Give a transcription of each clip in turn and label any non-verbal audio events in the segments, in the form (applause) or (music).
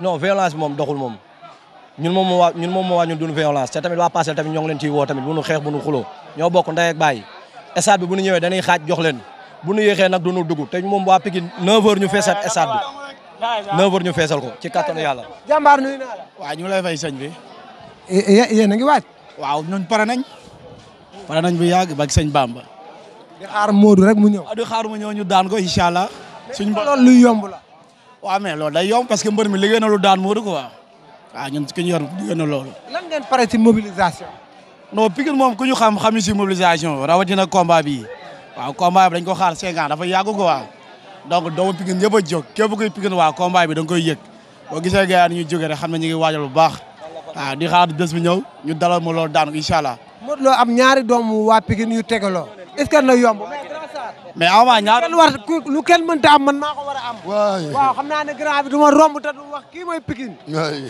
non violence bi moom doxul moom ñun moom moo ñun moom moo waa ñun duñu violence te tamit waa Parcelles tamit ñoo ngi leen ciy woo tamit bu nu xeex bu nu xuloo ñoo bokk ndey ak bàyyi stade bi bu nu ñëwee dañuy xaaj jox leen bu nu yéexee nag duñu dugg te moom waa Pikine 9h ñu feesal stade bi 9h ñu feesal ko ci kattanu yàlla. jàmbaar nuyu naa la. ñu lay fay sëñ bi. yéen a ngi waaw ñun pare nañ. pare nañ bu yàgg ba ak Bamba. di xaar Modou rek mu ñëw. Ah, di xaar mu ñëw ñu daan ko incha allah. suñu loolu luy yomb la. waa mais loolu day yomb parce que mbër mi liggéey na lu daan Modou quoi waaw ñun ki ñu yor liggéey na loolu. lan ngeen pare ci mobilisation. non Pikine moom ku ñu xam xam ci mobilisation rawatina combat bi waaw combat bi dañ ko xaar cinq ans dafa yàgg quoi donc doomu Pikine ñëpp a jóg képp kuy Pikine waa combat bi da nga koy yëg boo gisee xam ne ñu ngi waajal bu baax waaw di xaar bés bi ñëw ñu dalal ma loolu daan incha allah. Modou am ñaari doom waa Pikine yu tegaloo est-ce que na yomb. mais Ama ñaar kenn war lu kenn mënta am man maa war am. waaw xam naa ne grand bi du ma romb te du wax kii mooy Pikine.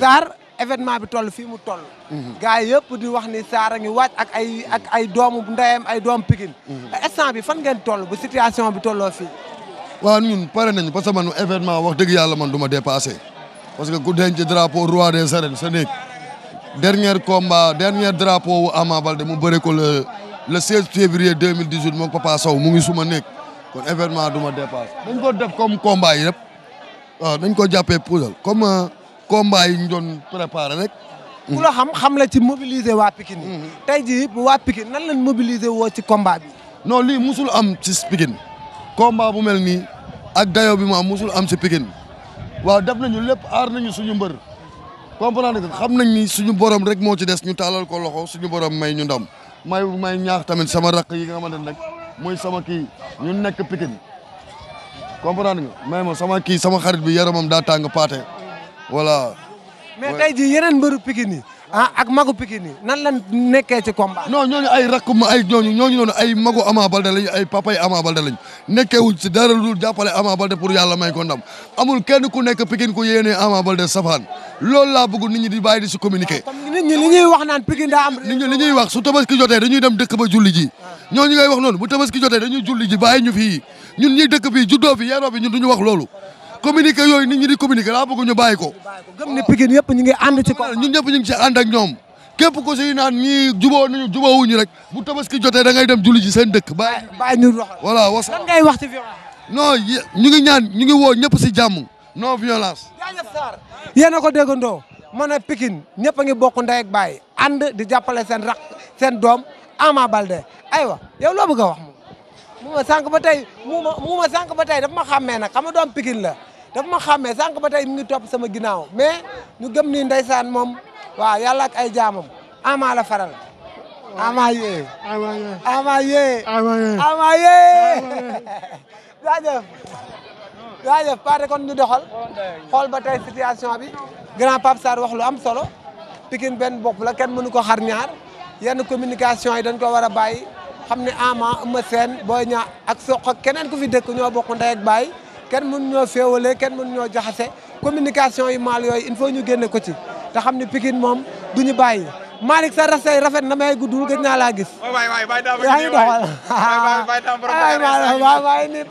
Sarr événement bi toll fii mu toll. Mhm. gars yi yëpp di wax ni Sarr ngi wàcc ak ay ak ay doomu ndeyam ay doomu Pikine. Mhm. instant bi fan ngeen toll bu situation bi tolloo waa waaw ñun pare nañu parce que man événement wax dëgg yàlla man du ma dépassé parce que ku denc drapeau roi des arènes sa nekk dernier combat dernier drapeau wu Ama Baldé mu bëre ko le le 16 février 2018 moom mu ngi suma nekk. kon événement du ma dépassé dañ ko def comme combat yi rek waaw dañ ko jàppee puudar comme euh, combat yi ñu doon préparé rek. ku la xam xam la ci mobiliser waa pikin mm-hmm. tey jii waa Pikine nan lañ mobiliser woo ci combat bi. non lii musul am ci Pikine. combat bu mel nii ak dayo bi mu musul am si Pikine waaw def nañu lépp aar nañu suñu mbër. comprendre nga xam nañ ni suñu borom rek moo ci des ñu taalal ko loxo suñu borom may ñu ndam may may ñaax tamit sama rakk yi nga xamante ne nag. muy sama kii ñu nekk Pikine comprendre nga mais sama kii sama xarit bi yaramam daa tàng paate voilà. mais tey jii yeneen mbëru Pikine yi ah ak magu Pikine nan lan nekkee ci combat. non ñooñu ay rakk ma ay ñooñu ñooñu noonu ay magu Ama Baldé ay papa yi Ama Baldé lañu nekkewuñ dara lu dul jàppale Ama Baldé pour yàlla may amul kenn ku nekk Pikine ku yéenee Ama Baldé safaan loolu laa bëgg nit ñi di bàyyi di si communiquer. Ah, nit ñi li ñuy wax naan Pikine daa am. nit ñi li ñuy wax su tabaski jotee dañuy dem dëkk ba julli ji ah. ñooñu ngay wax noonu bu tabaski jotee dañuy julli ji bàyyi ñu fii ñun bi juddoo fi yaroo bi ñun duñu wax loolu communiquer yoy nit ñi di communiquer la bëgg ñu bayiko gëm ni pigine yëpp ñi ngi and ci ko. ñun ñëpp ñi ngi ci and ak ñom képp ko si naan ñi jubo ñu jubo wuñu rek bu tabaski jotee da ngay dem julli ci seen dëkk. bay bay ñu wax wala wax lan ngay wax ci violence. non ñu ngi ñaan ñu ngi wo ñëpp ci jamm non violence. yéen a ko déggandoo ma ne Pikine ñëpp a ngi bokk ndey ak bay and di jappalé seen rak seen dom Ama balde ay wa yow lo bëgg wax moom. mu ma sànq ba tay mu ma sank ba tay dafa ma xamé nak xam nga doom Pikine la dafa ma xàmmee sànq ba tey mi ngi topp sama ginnaaw mais ñu gëm ni ndeysaan moom waaw yàlla ay jaamam ama la faral. ama yee. ama yee. ama yee. ama yee. ama yee. kon ñu doxal xool ba tey situation bi grand Pape Sarr wax lu am solo Pikine benn bopp la kenn mënu ko xar ñaar yenn communication yi dañ ko war a bàyyi xam ne Ama Eumeu Sène Boy Niang ak Sokh ak keneen ku fi dëkk ñoo bokk ndey ak baay kenn mun ñoo féewale kenn mun ñoo jaxase communication yi maal yooyu il ñu génne ko ci te xam ne Pikine moom du ñu bàyyi Malick sa na may guddul gëj naa laa gis. waay waay waay daa bëgg (laughs) nii waay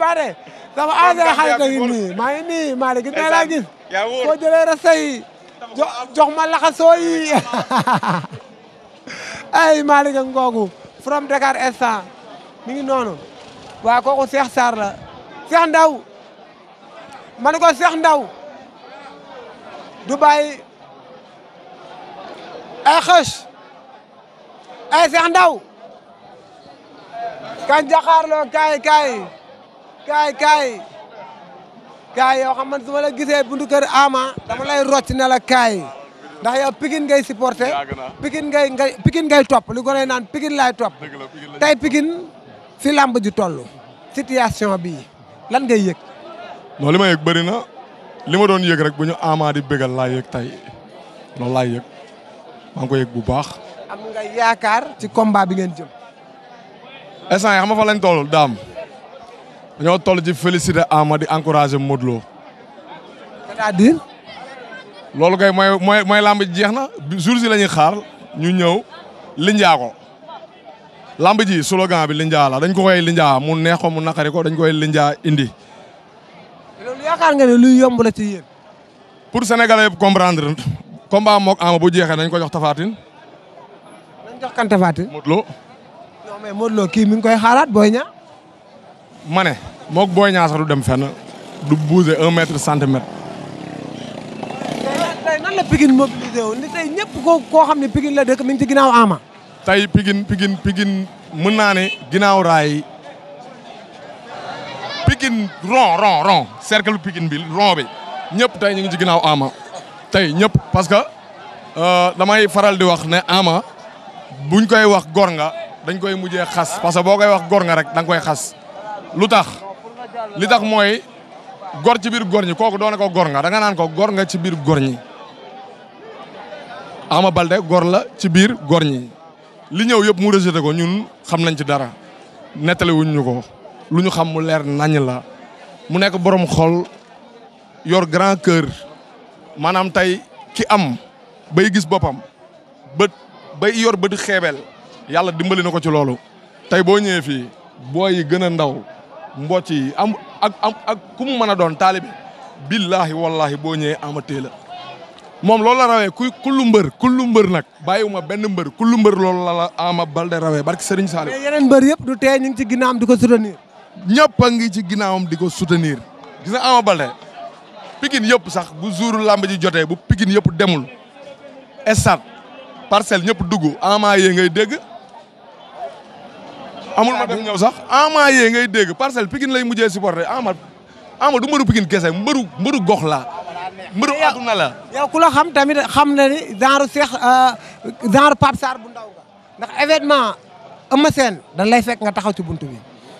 sama ancien xarit a ngi nii ma laxasoo yi (laughs) ay Malick ak ngoogu from Dakar instant mi ngi noonu waaw kooku Cheikh Sarr Ndaw Manu ko Cheikh Ndaw du bay ay xës ay Cheikh Ndaw kan jaxaarloo kay kay kay kay kay yo xam man la gisee buntu keur Ama dama lay rocc ne la kay ndax yow Pikine ngay supporter Pikine ngay Pikine ngay top li gonay nan Pikine lay top tay Pikine fi lamb ju tollu situation bi lan ngay yek non li ma yëg bëri na li ma doon yëg rek bu ñu Ama di bégal laa yëg tey loolu la yëg maa ngi yëg bu baax. am nga yaakaar ci combat bi ngeen jëm. instant yi xam nga fa lañ toll daam dañoo toll ci féliciter Ama di encourager Modou Lo. cest à loolu kay mooy mooy mooy lamb jeex na jour si la ñuy xaar ñu ñëw linjaa ko lamb ji slogan bi linjaa la dañ ko koy linjaa mu neex ko mu naqari ko dañ koy linjaa indi. yaakaar nga ne luy yomb la ci yéen. pour sénégalais yëpp comprendre combat mook Ama bu jeexee nañ ko jox Tapha Tine. nañ jox kan Tapha Tine. Modou Lo. non kii mi ngi koy xaaraat Boy Niang. ma ne mook Boy Niang sax du dem fenn du bouger un mètre centimètre. tey nan la Pikine mobilisé wu ni ñëpp koo koo xam ne Pikine la dëkk mi ngi ci ginnaaw Ama. tey Pikine Pikine Pikine mën naa ne ginnaaw raay Pikine rond rond rond cercle pikin bi rond bi ñëpp tey ñu ngi ci ginnaaw Ama tey ñëpp parce que euh, damay faral di wax ne Ama buñ koy wax góor nga dañ koy mujjee xas parce que boo koy wax góor nga rek danga nga koy xas lu tax li tax mooy góor ci biir góor ñi kooku doone ko góor nga da naan ko góor nga ci biir góor ñi Ama Baldé góor la ci biir góor ñi li ñëw yëpp mu rejeté ko ñun xam nañ ci dara nettali wuñ ko luñu xam mu leer nañ la mu nek borom xol yor grand cœur manam tay ki am bay gis bopam ba bay yor bët xébel yalla dimbali nako ci lolu tay bo ñëw fi boy yi ndaw mbocc yi am ak am ak ku mu mën doon taalibe billahi wallahi bo ñëw amaté la mom loolu la rawé ku kullu mbeur kullu mbeur nak bayiwuma benn mbeur kullu mbeur la Ama balde rawé barki Serigne salih mais yeneen mbeur yépp du té ñing ci ginaam diko soutenir. ñëpp a ngi ci ginnaawam di ko soutenir gis nga Ama Baldé pikin yëpp sax bu jouru làmb ji jotee bu pikin yëpp demul estat parcelle ñëpp dugg Ama yee ngay dégg amul ma dem ñëw sax Ama yee ngay dégg parcelle pikin lay mujjee supporté Ama Ama du maru pikin kese mbëru mbëru gox la mbëru àdduna la yow ku la xam tamit xam na ni genre Cheikh euh, genre Pape Sarr bu ndaw nga ndax événement ëma seen dañ lay fekk nga taxaw ci buntu bi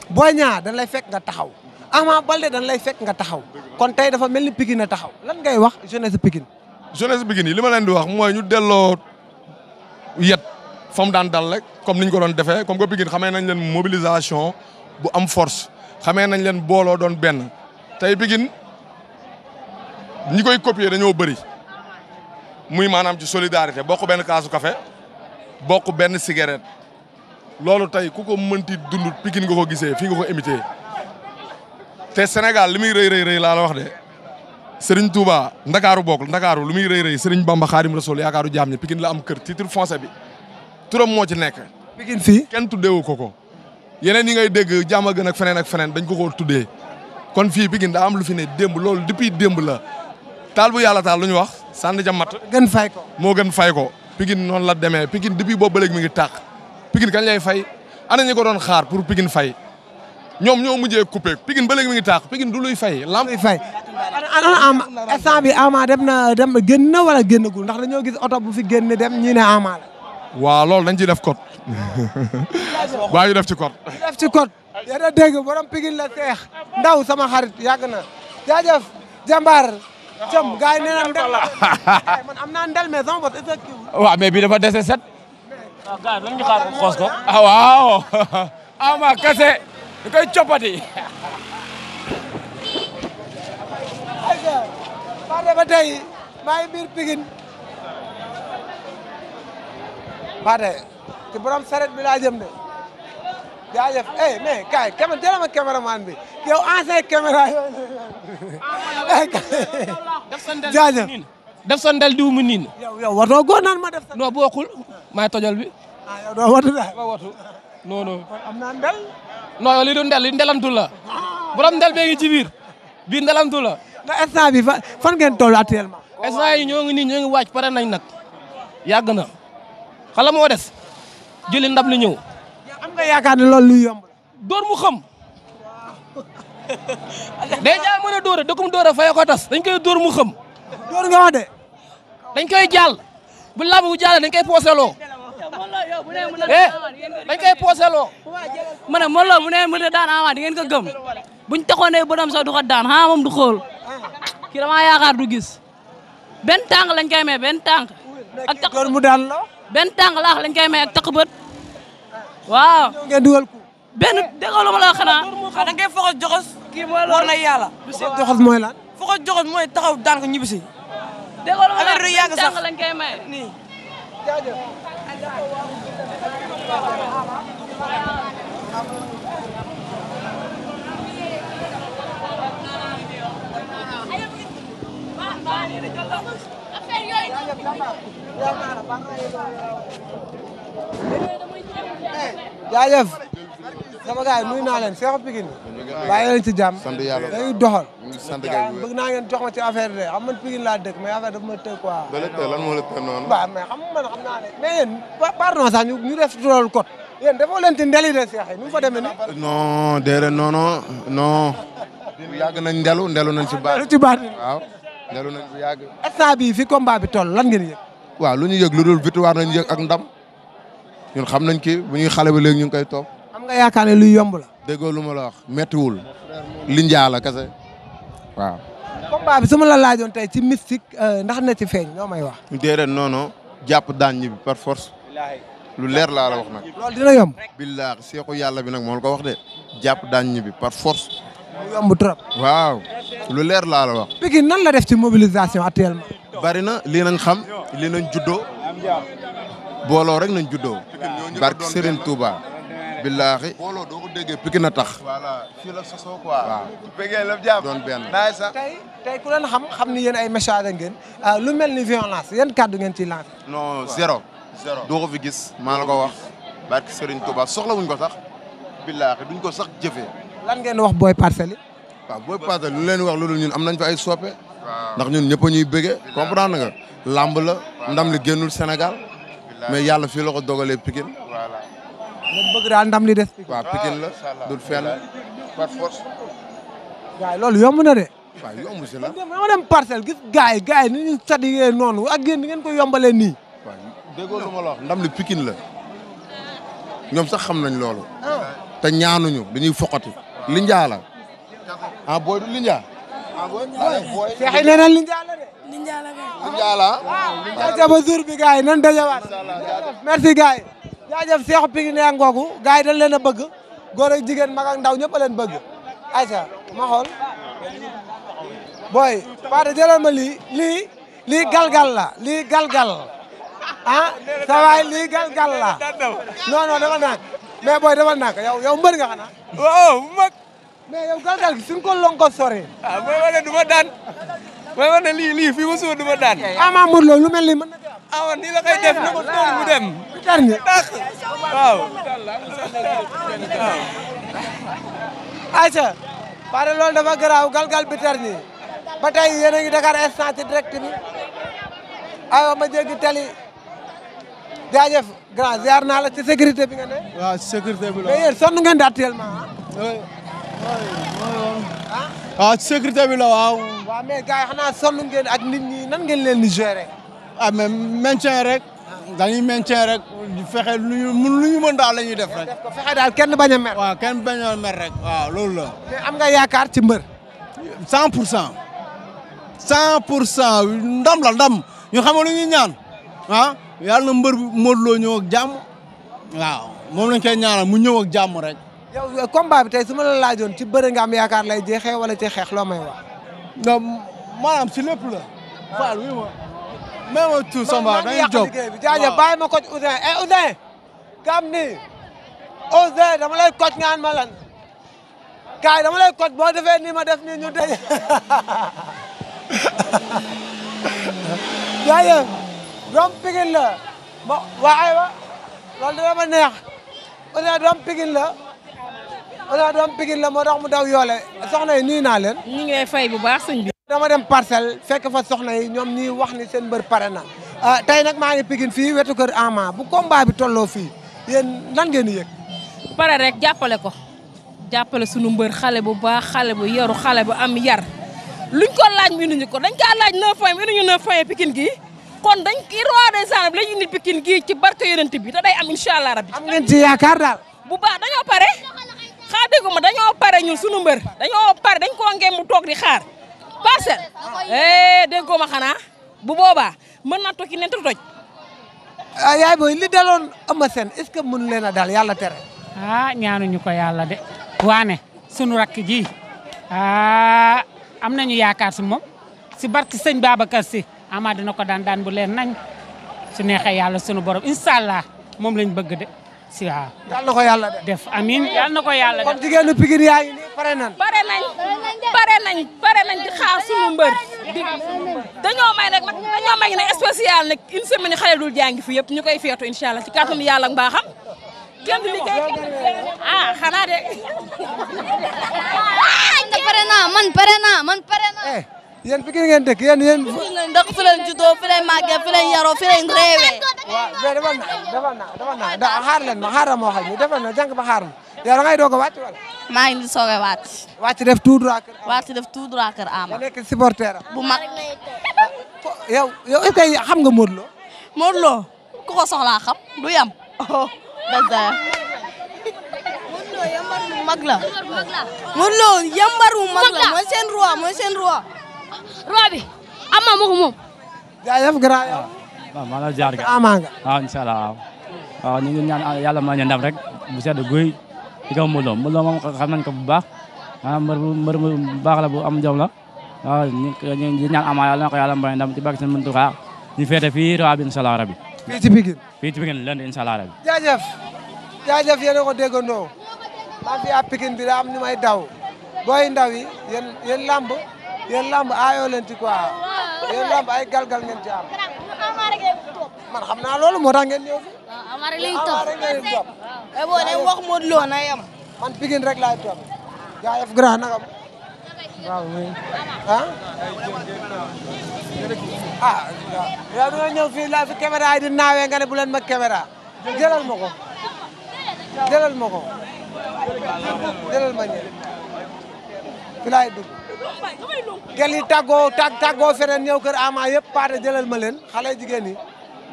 Boy Niang dañ lay fekk nga taxaw Ama Baldé dañ lay fekk nga taxaw kon tey dafa mel ni Pikine na taxaw lan ngay wax jeunesse pikin jeunesse Pikine yi li ma leen di wax mooy ñu delloo yet fa daan dal rek comme ni ñu ko doon defee comme que Pikine xamee nañ leen mobilisation bu am force xamee nañ leen booloo doon benn tey Pikine ñu koy copier dañoo bëri muy maanaam ci solidarité bokk benn kaasu café bokk benn cigarette. loolu tey ku ko mënti dund Pikine nga ko gisee fii nga ko imité te senegal li muy rëy rëy rëy laa la wax de Serigne Touba Ndakaaru bokk Ndakaaru lu muy rëy rëy Serigne Bamba Xaadim Rasul yaakaaru jaam ñi Pikine la am kër titre foncier bi turam moo ci nekk. Pikine ken kenn tuddeewu ko ko. yeneen yi ngay dégg jàmm gën ak feneen ak feneen dañ ko koo tuddee kon fii Pikine da am lu fi ne démb loolu depuis démb la taal bu yàlla taal lu ñu wax sànni jamat gën fay ko moo gën fay ko. Pikine noonu la demee Pikine depuis boobu ba mi ngi tàq Pikine kañ lay fay ana ñi ko doon xaar pour Pikine fay ñoom ñoo mujjee coupé Pikine ba léegi mi ngi taax Pikine du luy bi Ama dem na dem génn na wala génnagul ndax dañoo gis oto bu fi génn dem ñi ne Ama la. waaw loolu dañ ciy def code. baa (laughs) ñu def ci code. def ci code. yéen a dégg borom Pikine la seex ndaw sama xarit yàgg na jaajëf jàmbaar. cëm gars yi nee na ndel (laughs) man am naa ndel mais sama bopp est-ce que. waaw mais waaw gars lan ñu xaar ko xoos ko. Ah, (laughs) ah, ba tey maa ngi biir Pikine. Pathé ci borom saret bi de. jaajëf eh mais kaay cam jëlee ma caméraman bi yow (laughs) (laughs) def sa ndel diw mu niin. yow yow naan ma def sa. non bokkul maay tojal bi. ah yow doo watu daal doo ndel. non yow lii du ndel la. Ah. borom ndel bee ngi ci biir bii ndelantu la. nga instant bi fan ngeen toll actuellement. instant yi ñoo ngi nii ñoo ngi waaj pare nañ nag yàgg na xala moo des jëli ndam li ñëw. am nga yaakaar ne loolu luy yomb. door mu xam. déjà mën a dóore dëkkum dóore door mu xam. door nga wax dañ koy jall bu laabu bu jàllee dañ koy poselo eh, dañ koy poselo ma ne Modou Lo bu ne mën na daan Ama ah, di ngeen ko gëm buñ taxone ne bëtam sax du ko daan ah moom du xol ki dama yaakar du gis ben tang lañ koy may ben tang ak tax mu daan lo ben tang la lañ koy may ak takk beut waaw. ngeen duwal ko. ben déggoo ma la xana da ngay foxos joxos. ki mo la war yalla yàlla. foxos joxos moy lan. foxos joxos moy taxaw daan ko ñibisi déggoo ma Ayo du yàgg sax lañ koy Ayo nii jaajëf jaajëf sama gars yi nuyu naa leen Seexu Pikine bàyyi ci jàmm sant yàlla dañuy doxal sant bëgg naa ngeen jox ma ci affaire de xam man Pikine laa dëkk mais affaire dafa ma tëj quoi da la tëj lan moo la tëj noonu man xam naa ne mais yéen pardon sax ñu def loolu kot yéen dafoo leen ci de Seex yi nu mu fa demee ni non déedéet non non non yàgg nañ ndelu ndelu nañ ci baat ci baat waaw ndelu nañ yàgg instant bii fi combat bi toll lan ngeen yëg waaw lu ñu yëg lu dul victoire nañ yëg ak ndam ñun xam nañ kii bu ñuy xale ba léegi ñu ngi koy topp nga yaakaar ne luy yomb déggoo lu ma la wax méttiwul. li njaa la waaw. combat bi su ma la laajoon tey ci mystique euh, ndax na ci feeñ ñoo may wax. déedéet non non jàpp daan ñi bi par force. lu leer laala wax nag. loolu dina yomb. billaahi seexu yàlla bi nag moo ko wax de. jàpp daan ñi bi par force. mu yomb trop. waaw lu leer laa wax. Pikine nan la def ci mobilisation actuellement. bari na lii nañ xam lii nañ juddoo booloo rek nañ juddoo. barke Serigne Touba. billaahi booloo doo ko déggee Pikine na tax. voilà la sosoo quoi. waaw bëggee la jàmm doon benn. tey ku leen xam xam ni yéen ay message ngeen euh, lu mel ni violence yan kàddu ngeen ciy lancé. non zéro. zéro doo ko fi gis maa la ko wax. barke Serigne Touba soxla wuñ ko sax. billaahi duñ ko sax jëfee. lan ngeen wax booy parcelle waaw booy parcelle lu leen wax lu loolu ñun am nañ fa ay soppe. ndax ñun ñëpp a ñuy bëggee. comprendre nga làmb la. ndam li génnul Sénégal. mais yàlla fii la ko dogalee Pikine ngeen bëgg daal ndam li des. waaw la dul fenn par force. gars loolu yomb na de. yomb si la dama dem parcelle gis gars yi gars yi ni ñu sadigee noonu ak yéen ni ngeen ko yombalee nii. waaw déggoo la ndam li Pikine la ñoom sax xam nañ loolu. te ñaanuñu dañuy foqati. Linjaa la ah booy du Linjaa. ah booy booy. Linjaa la de. Linjaa la merci gars jaajëf Seexu Pikine yaa ngoogu gars yi dañ leen a bëgg góor ak jigéen mag ak ndaw ñëpp a leen bëgg ayca ma xool booy Paate jëlal ma lii li lii galgal la galgal ah sa waay lii galgal la non non dafa nak, mais boy dafa nak yow yow mbër nga xanaa waaw mag mais yow galgal gi suñ ko lonko sore ah boy wane dan, ma boy mooy li li lii fii ma dan ah ma lo lu mel ni na awa ah, nii la koy def na ko tool mu dem. tax waaw. Aïcha. pare loolu dafa garaaw galgal bi tar nii ba tey yéen a ngi Dakar instant ci direct bi aywa ma jéggi tali jaajëf grand ziar naa la ci sécurité bi nga ne. waaw sécurité bi la mais yéen ngeen di actuellement ah. waaw ah. ah, sécurité bi la waaw. waaw mais gars yi xanaa sonn ngeen ak nit ñi nan ngeen leen di gérer. ah mais maintien rek dañuy maintien rek fexe lu ñu mën lu ñu mën daal la ñuy def rek. fexe daal kenn bañ a mer. waaw kenn bañ a mer rek waaw loolu la. mais am nga yaakaar ci mbër. 100 pour cent. 100 pour cent ndam la ndam ñu xam lu ñuy ñaan ah yàlla na mbër Modou Lo ñëw ak jàmm waaw moom lañ koy ñaanal mu ñëw ak jàmm rek. yow combat bi tey su ma la laajoon ci bëre nga am yaakaar lay jeexee wala ci xeex loo may wax. non maanaam si lépp la. waaw ah. waaw même tout Samba da ngay jóg jaajëf bàyyi ma ko ci Ouzin eh Ouzin. kam ni Ouzin dama lay coach ngaan ma lan kaay dama lay coach boo defee nii ma def nii ñu dee. (laughs) jaajëf doom Pikine la ma waaye wa loolu dama neex Ouzin doom Pikine la moo tax mu daw yoole soxna yi nuyu naa leen. ñu ngi lay bu baax sëñ bi. dama dem parcelle fekk fa soxna yi ñoom ñuy wax ni seen mbër pare na ah, tey nag maa ngi Pikine fii wetu kër Ama bu combat bi tolloo fii yéen lan ngeen di yëg. pare rek jàppale ko jàppale sunu mbër xale bu baax xale bu yaru xale bu am yar luñ ko laaj mu indiñu ko dañ kaa laaj 9 points mu indiñu 9 points Pikine gii kon dañ ki roi des arènes bi la ñuy indi Pikine gii ci barke yonent bi te day am incha allah rabbi. am ngeen ci yaakaar daal. bu baax dañoo pare xaar déggu ma dañoo pare ñun sunu mbër dañoo pare dañ koo ngeen toog di xaar. parcelle eh dégg ko ma xanaa bu boobaa mën na toj ki nent toj. ah yaay booy li daloon Eumeu Sène est-ce que mën leen a dal yàlla tere. ah ñaanuñu ko yàlla de. waane sunu rakk ji ah am nañu yaakaar si moom si barki sëñ Babacar si ama dina ko daan daan bu leen nañ su neexee yàlla sunu borom incha allah moom lañ bëgg de si waaw. yàlla na ko yàlla def amiin yàlla na ko yàlla def kon jigéenu Pikine yaa pare nañ pare nañ pare nañ pare nañ di xaar suñu mbër di dañoo may nag dañoo may nag spécial dul jàngi fi yëpp ñu koy feetu incha allah ci kàttanu yàlla ak mbaaxam kenn du liggéey ah, de. Ah, man pare naa eh. yéen fi ngeen dëkk yéen yéen. fi leen dëkk fi leen juddoo fi leen màggee fi leen yaroo fi leen réewee. waaw mais defal naa defal naa defal naa da xaar leen ma xaaral ma waxal ñu defal na jàng ba xaar ma yow da ngay doog a wàcc wala. maa ngi soog a wàcc. wàcc def tout droit kër Ama. wàcc def tout droit kër Ama. nga nekk supporter bu mag. yow yow est-ce que xam nga Modou Lo. Modou Lo ku ko soxlaa xam du yam. dëgg oh, Modou Lo yambar mu mag la. Modou Lo yambar mu mag la mooy seen roi mooy seen roi. Robi, amma mo mo. Jaya fgra ya. Ba ah, mala jaar ga Amma ga. waaw ah, inshallah waaw ah, ñu ngi ñaan Yalla ma ñandam rek bu sedd guuy ci gam mo Lo Mo Lo moom xam nañ ko bu baax ah mbër mbër bu baax la bu am jom la waaw ñu ngi ñaan amma Yalla ko Yalla may ndam ci bàq sen mëntu xaar ñu fété fi Robi bi inshallah rabbi Fi ci Pikine Fi ci Pikine lënd inshallah rabbi Jaya f. Jaya f yene ko deggono. Ba fi a Pikine bi la am ñu may daw Boy ndaw yi yéen yéen làmb yéen lamb aayoo leen ci quoi yéen lamb ay galgal ngeen ci am. man xam naa loolu moo tax ngeen ñëw fi. waaw Amar rek lañ topp Amar rek wax Modou Lo na yam man Pikine rek laay topp. gaa yëf grand nagam. waaw oui ah. ah yow da nga ñëw fii laa fi caméra yi di naawee nga ne bu leen ma caméra jëlal ma ko jëlal ma ko jëlal ma ñëw fi laay dugg. Kali tago tag tago fere ñew kër Ama yépp paré jëlal ma leen xalé jigéen ñi.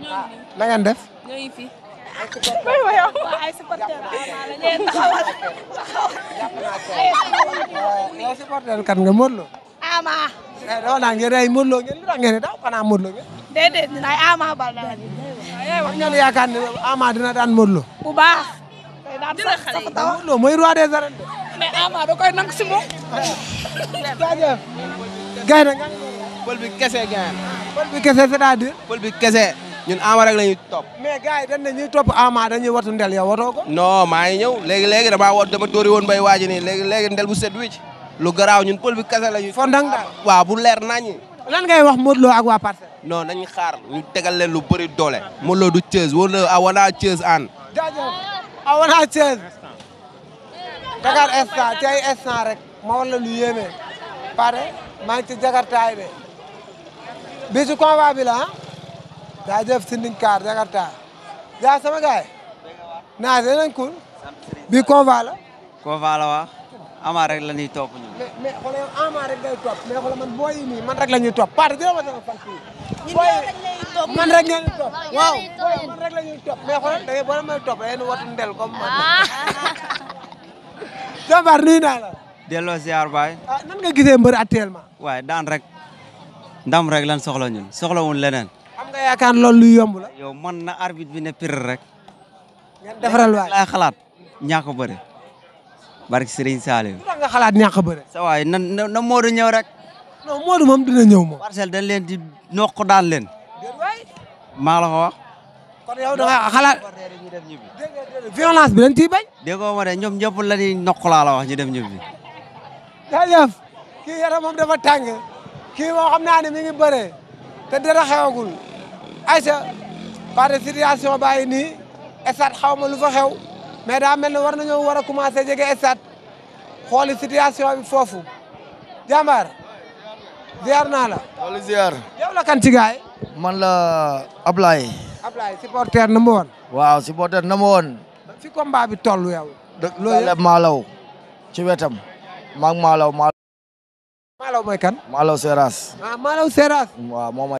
la ah, ngeen def. ñoy fi. ay supporter kan nga Modou Ama. eh doo ngeen ay Modou ngeen lu ngeen ngeen. Ama Baldé la. Eh, wax ngeen Ama dina daan Modou bu baax. dina xale yi Modou roi des arènes. mais Ama da koy nangu si moom. jaajëf. gaynde nga. bi kese ñun Ama rek la mais gars yi dañ ne ñuy topp Ama dañuy watu ndel yow watoo ko. ñëw léegi léegi damaa wat dama dóori woon bay waaji nii léegi léegi ndel bu set wicc lu garaaw ñun pël bi kese la ñuy. fondang daal waaw bu leer naññi. lan ngay wax Modou Lo ak waa Parcelles. non nañu xaar ñu tegal leen lu bëri doole. Modou Lo du Thiès wala awana Thiès aan. jaajëf awana Thiès. Dakar instant ci ay instant rek ma wala lu yéeme pare maa ngi ci jakartaay be bi ci convoi bi la ah daa jëf sinding car jakarta yaa sama gaay naa dinañ ko bi convoi la convoi la waa ama rek la ñuy topp ñu mais mais xoolal yow ama rek ngay topp mais xoolal man man rek la ñuy topp pare dina ma sama fan fii booy man rek ngeen di topp waaw man rek la ñuy topp mais xoolal da ngay boo la may topp da ngeen di watu ndel comme Jambaar nuyu naa la. delloo ziar baay. ah nan waaye daan rek ndam rek lan soxla ñun soxlawul leneen. am nga yaakaar loolu lu yomb la. yow man na arbitre bi ne pire rek. ngeen defaral waay laay xalaat ñàkk bëri. barke Serigne Saliou. lu tax nga xalaat ñàkk bëri. sa waay na na Modou ñëw rek. non Modou moom di nokk daan leen. maa la kon yow da nga xalaat violence bi dañ ciy bañ. déggoo ma de ñoom ñëpp la ñuy noq laa la wax ñu dem ñibbi. jaajëf kii yaramam dafa tàng kii boo xam naa ne mi ngi bëre te dara xewagul Aïcha par de situation bàyyi nii stade xaw ma lu fa xew mais daa mel ne war nañoo war a commencé jege stade xooli situation bi foofu jàmbaar ziar naa la. wala ziar. yow la kan ci gaay man la Ablaye. Ablaye supporter na ma woon. waaw supporter na ma woon. fi combat bi toll yow. loolu yëpp Malaw ci wetam maag Malaw Malaw. Malaw mooy kan. Malaw Seras. Ah, waaw moom